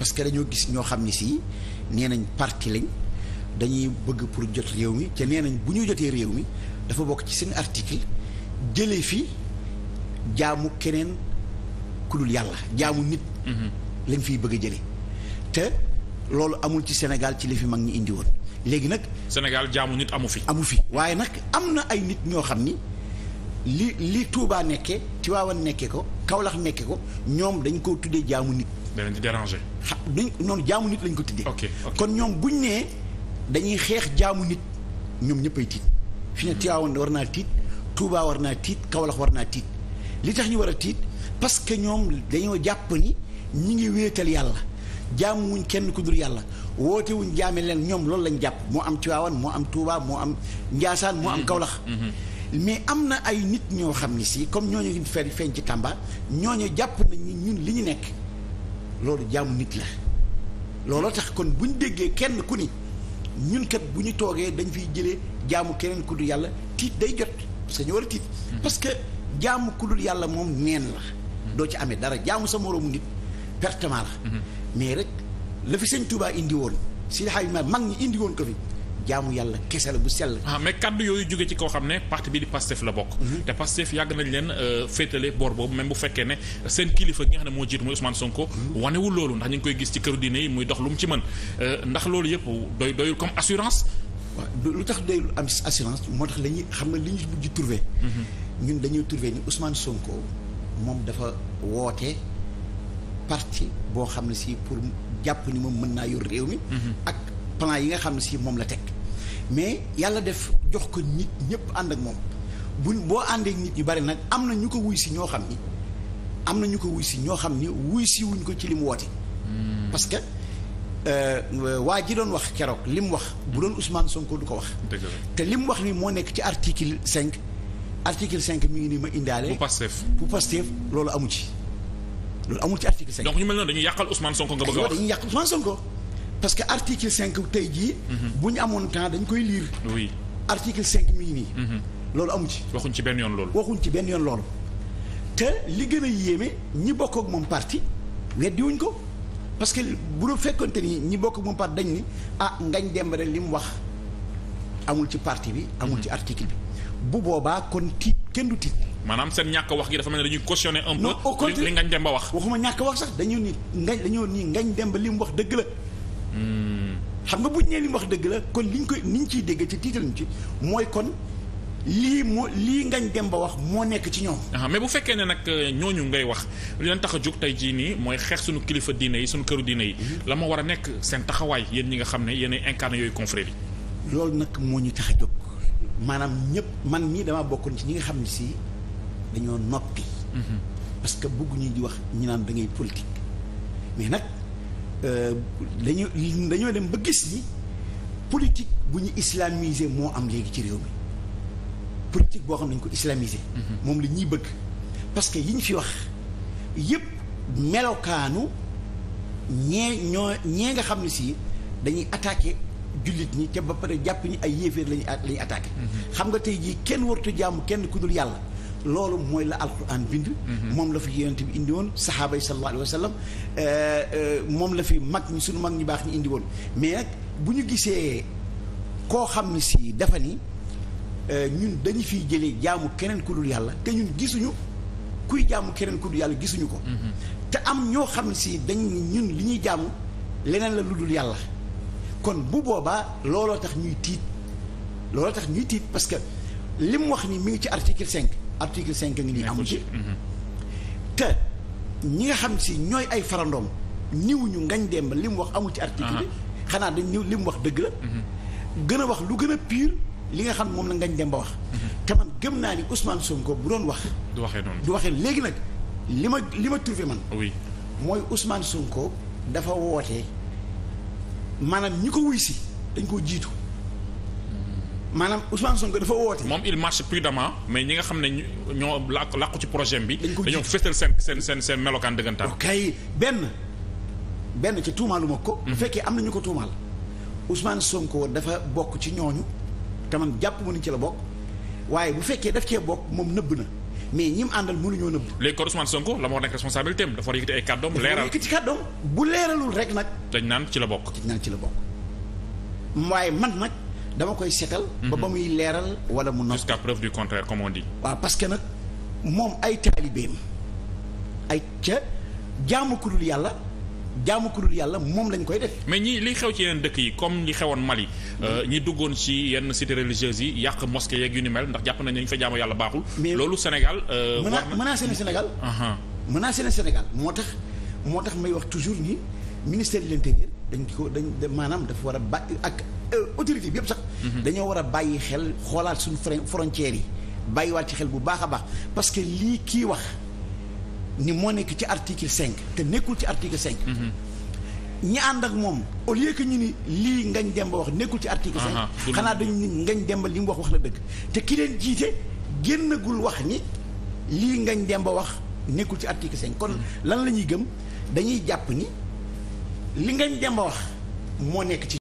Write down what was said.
parce que dañoo gis ñoo xam ni sii nee nañ parti lañ dañuy bëgg pour jot réew mi te nee nañ bu ñu jotee réew mi dafa bokk ci seen article jëlee fi jaamu keneen ku dul yàlla jaamu nit. Mm-hmm. lañ fiy bëgg a te loolu amul ci Sénégal ci li fi mag ñi indiwoon léegi nag. Sénégal jaamu nit amu fi. amu fi waaye nag am na ay nit ñoo xam ni. li li Touba nekkee Tiwaawan nekkee ko kawlax nekkee ko ñoom dañ ko tuddee jaamu nit danañ di xa duñ noonu jaamu nit lañ ko tuddee. ok kon ñoom bu ñu nee dañuy xeex jaamu nit ñoom ñëppay tiit fi ne Tivaouane war naa tiit Touba war naa tiit Kaolack war naa tiit li tax ñu war a tiit parce que ñoom dañoo jàpp ni ñi ngi wéetal yàlla jaamu wuñ kenn ku dul yàlla woote wuñ leen ñoom loolu lañ jàpp moo am Tivaouane moo am Touba moo am Ndiassane moo am mhm. Kaolack. Mhm. mais am na ay nit ñoo xam ni si comme ñooñu feeñ ci Tamba ñooñu jàpp nañ ñun li ñu nekk. loolu jaamu nit la looloo tax kon bu ñu déggee kenn ku ni ñun kat bu ñu toogee dañ fiy jëlee jaamu keneen ku dul yàlla tiit day jot sa ñu war a tiit hmm. parce que jaamu ku dul yàlla moom neen la hmm. doo ci amee dara jaamu sa moroomu nit pertement la hmm. mais rek la fi sëñ Touba indi woon si xayma mag ñi indi woon ko fi jaamu yàlla kese la bu sell. ah mais kaddu yooyu jóge ci koo xam ne parti bi di Pastef la bokk. Mhm. te Pastef yàgg nañ leen euh, féetale boor boobu bu fekkee ne seen kilifa gi nga xam ne mhm. lu mu ci mën euh, ndax loolu yëpp moo tax la ñuy xam ne li ñu mujj trouvé. Mhm. ñun dañuy trouvé ni Ousmane Sonko moom dafa woote parti boo si pour jàpp ni moom mën naa yor réew mi. ak plan yi nga moom la teg. mais yàlla def jox ko nit ñëpp ànd ak moom bu boo àndeek nit ñu bari nag am na ñu ko wuy si ñoo xam ni am na ñu ko wuy si ñoo xam ni wuy wuñ ko ci li mu woote. Hmm. parce que euh, waa ji doon wax keroog li mu wax bu doon Ousmane Sonko du ko wax. te li mu wax ni moo nekk ci article cinq article cinq mi ngi nii ma indaale. bu Pastef bu Pastef loolu amu ci loolu amul ci article cinq. donc ñu mel noonu dañuy yàqal Ousmane Sonko nga bëgg a wax dañuy yàq Ousmane Sonko. parce que article cinq tey jii. Mhm. bu ñu amoon temps dañ koy lire. oui article cinq mi nii. Mhm. loolu amu ci. waxuñ ci benn yoon loolu. waxuñ ci benn yoon loolu. te li gën a yéeme ñi bokk moom parti weddiwuñ ko parce que bu doon fekkonte ni ñi bokk ak moom parti dañ ni ah ngañ dembare li mu wax amul ci parti bi. amul mhm. ci article bi bu boobaa kon tiit kenn du tiit. seen ñàkk wax gi dafa mel ne dañuy cautionner un peu. non au contraire wax. waxuma ñàkk wax sax dañu ni ngañ dañoo nii ngañ demba li mu wax dëgg la. xam nga buñ nee li wax dëgg la kon ko koy niñ ciy dégg ci tiital ñu ci mooy kon lii moo lii ngañ dem ba wax moo nekk ci ñoom. Ah, mais bu fekkee ne nag euh, ñooñu ngay wax leen tax a jóg tey jii nii mooy xeex suñu kilifa diine yi suñu këru diine yi. Mm-hmm. la ma war a nekk seen taxawaay yéen ñi nga xam ne yéen ay yooyu confrères yi. loolu nag moo ñu tax a jóg maanaam ñëpp man mii dama bokkoon ci ñi nga xam ne si dañoo noppi. Mm-hmm. parce que bëgguñu di wax ñi naan da ngay mais nag. Euh, dañu dañoo dem ba gis ni politique bu ñu islamisé moo am léegi ci réew mi politique boo xam ne dañu ko islamisé. Mhm. moom la ñuy bëgg parce que yi ñu fi wax yépp melokaanu ñee ñoo ñee nga xam ne si dañuy attaqué jullit ñi ca ba pare jàpp ñi ay yéeféer lañuy lañuy attaqué mhm. xam nga tey jii kenn wartu jàmm kenn ku dul yàlla loolu mooy la alquran bind mhm. moom la fi yonent bi indi woon saxaaba yi sallallahu alayhi wa sallam eh, eh, moom la fi mag ñi suñu mag ñi baax ñi indi woon mais nag bu ñu gisee koo xam ne si dafa ni eh, ñun dañu fi jële jaamu keneen ku dul yàlla te ñun gisuñu kuy jaamu keneen ku dul yàlla gisuñu ko mhm. te am ñoo xam ne si dañ ñun li ñuy jaamu leneen la lu dul yàlla kon bu boobaa looloo tax ñuy tiit looloo tax ñuy tiit parce que li mu wax ni mu ngi ci article cinq article cinq ngi nii amu ci mhm. te ñi nga xam si ñooy ay farandoom niwuñu ngañ demba li mu wax amul ci article xanaa dañ niw li mu wax dëgg la mhm. gën a wax lu gën a piir li nga xam moom na ngañ demba wax mhm. te man gëm naa ni usmaan Sonko bu doon wax du waxee noonu du waxee léegi nag li ma li ma trouvé man oui mooy Ousmane Sonko dafa woote maanaam ñi ko wuy si dañ koo jiitu maanaam Ousmane Sonko dafa woote. moom il marche prudemment mais ñi nga xam ne ñoo làqu làqu ci projet bi. dañ ko dañoo fësal seen seen seen seen melokaan dëggantaan. ok benn benn ci tuumaaluma ko. Mhm. bu fekkee am na ñu ko tuumaal. Ousmane Sonko dafa bokk ci ñooñu te man jàpp ma ni ci la bokk waaye bu fekkee def cee bokk moom nëbb na mais ñi mu àndal mënuñoo nëbb. léegi kon Ousmane Sonko la moo nekk responsabilité am dafa war a yëkkati ay kàddoom. leeral dafa yëkkati leeralul rek nag. dañ naan ci la bokk. dañ naan ci la bokk dama koy seetal. ba mhm. ba muy leeral wala mu. jusqu'à preuve du contraire comme on dit. waaw parce que nag moom ay taalibeem ay ca jaamu ku dul yàlla. jaamu ku dul yàlla moom lañ koy def. mais ñi li xew ci yeneen dëkk yi comme li xewoon Mali. Euh, mm-hmm. ñi duggoon ci yenn cité religieuse yi yàq mosque yeeg yu ni mel ndax jàpp nañ ne fa jaamu yàlla baaxul. loolu Sénégal. Euh, war na menacé na Sénégal. menacé na Sénégal moo tax moo tax may wax toujours ni. ministère de l'intérieur dañ ko dañ maanaam dafa war a ba ak euh, autorité bi yëpp sax. Mhm. dañoo war a bàyyi xel xoolaat suñu frontières yi bàyyiwaat ci xel bu baax a baax parce que lii kii wax ni moo nekk ci article cinq te nekkul ci article cinq. Mhm. ñi ànd ak moom au lieu que ñu ni lii ngañ demba wax nekkul ci article cinq uh-huh. xanaa dañu ni ngañ dembal li mu wax wax na dëgg te ki leen jiite génnagul wax ni lii ngañ demba wax nekkul ci article cinq kon mhm. lan la ñuy gëm dañuy jàpp ni li ngañ demba wax moo nekk ci